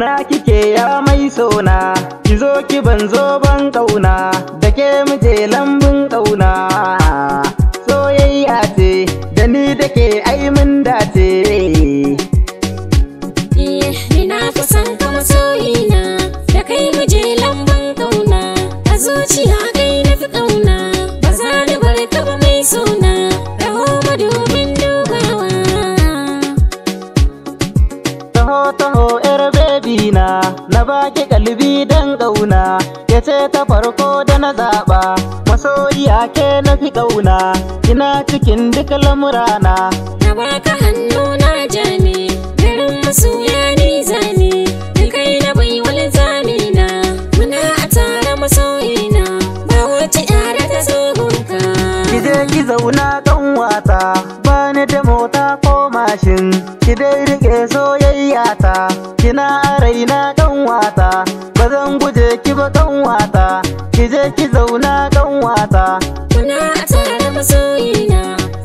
ina kike ya mai sona, ki zo ki ban zo ban kauna, da ke muje lambun kauna. Soyayya ce, da ni da ke ai mun dace. Eh, ni na da kai muje lambun ƙauna a zuciya kai na fi kauna, ba za ni bari ka ba mai sona, raho madubi. baki kalbi dan ɗauna, ke ce ta farko da na zaɓa masoyiya ke na fi ƙauna ina cikin duk lamurana na baka hannu na jani garin masoya ni zani da kai na baiwal zani na muna a tara masoyina ba wace yara ta zo ki je ki zauna kan wata ba ni da mota tashin ki dai rike soyayya ta kina raina kan wata ba guje ki ba kan wata ki je ki zauna kan wata kuna a tare masoyina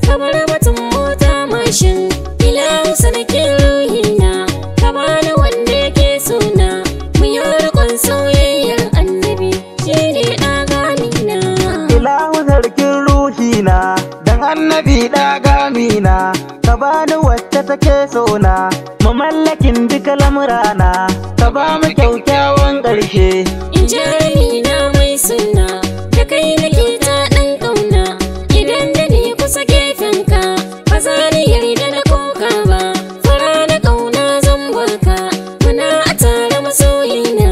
kamar batun mota mashin ila hausa ke ruhina kamar wanda yake suna mu yi rikon soyayyar annabi shi ne ɗagamina ila sarkin ruhina dan annabi ɗagamina ka bani wacce take so sona mallakin duka lamurana ka ba mu kyaukyawan ƙarshe in ji amina mai suna da kai na ta ɗan ƙauna idan da ni kusa gefenka ba za ni yarda na koka ba fara na ƙauna zan baka muna a tare masoyina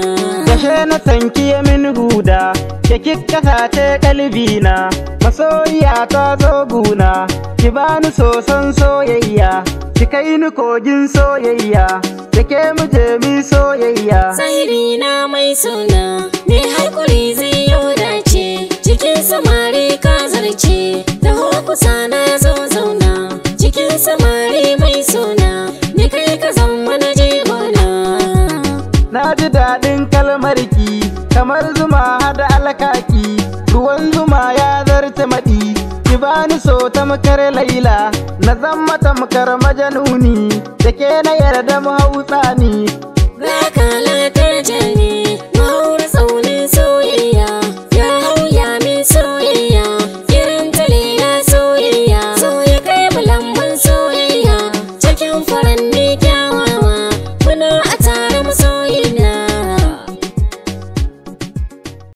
kashe na tanki ya min huda ke kikka ta kalbina masoyiya ta zo guna ki bani soson soyayya ki kai ni kogin soyayya da ke mu je mi soyayya sahiri na mai suna me hakuri zai yau dace cikin samari ka zarce da kusa na zo zauna cikin samari mai suna ni kai ka zama na je gona na ji daɗin kalmar ki kamar zuma hada alkaki ruwan zuma ya zarce maɗi bani so ta tamkar laila na zama tamkar majanuni da ke na yarda mu hau